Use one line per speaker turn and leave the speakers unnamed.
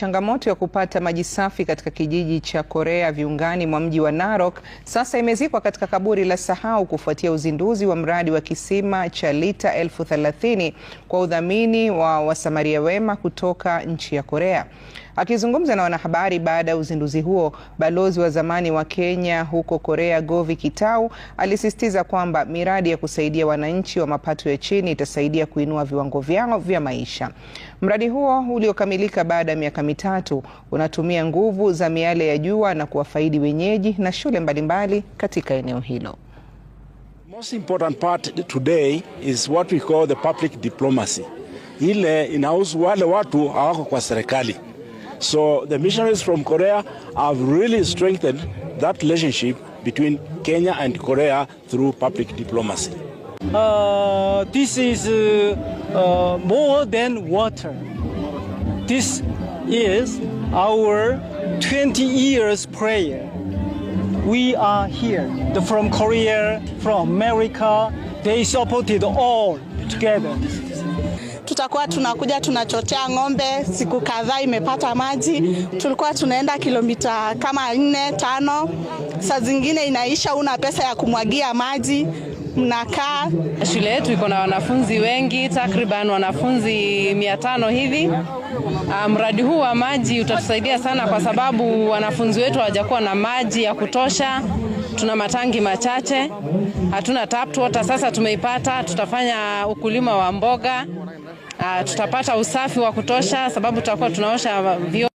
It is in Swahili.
Changamoto ya kupata maji safi katika kijiji cha Korea viungani mwa mji wa Narok sasa imezikwa katika kaburi la sahau kufuatia uzinduzi wa mradi wa kisima cha lita elfu thelathini kwa udhamini wa wasamaria wema kutoka nchi ya Korea. Akizungumza na wanahabari baada ya uzinduzi huo, balozi wa zamani wa Kenya huko Korea Govi Kitau alisisitiza kwamba miradi ya kusaidia wananchi wa mapato ya chini itasaidia kuinua viwango vyao vya maisha. Mradi huo uliokamilika baada ya miaka mitatu unatumia nguvu za miale ya jua na kuwafaidi wenyeji na shule mbalimbali katika eneo hilo.
Most important part today is what we call the public diplomacy. Ile inahusu wale watu hawako kwa serikali. So the missionaries from Korea have really strengthened that relationship between Kenya and Korea through public diplomacy.
Uh, this is uh, uh, more than water. This is our 20 years prayer. We are here the, from Korea, from America. They supported all together.
tutakuwa tunakuja tunachotea ng'ombe. Siku kadhaa imepata maji, tulikuwa tunaenda kilomita kama nne tano, saa zingine inaisha, una pesa ya kumwagia maji mnakaa.
Shule yetu iko na wanafunzi wengi, takriban wanafunzi mia tano hivi. Ah, mradi huu wa maji utatusaidia sana kwa sababu wanafunzi wetu hawajakuwa na maji ya kutosha. Tuna matangi machache, hatuna tap water. Sasa tumeipata, tutafanya ukulima wa mboga. Ah, tutapata usafi wa kutosha sababu tutakuwa tunaosha vyoo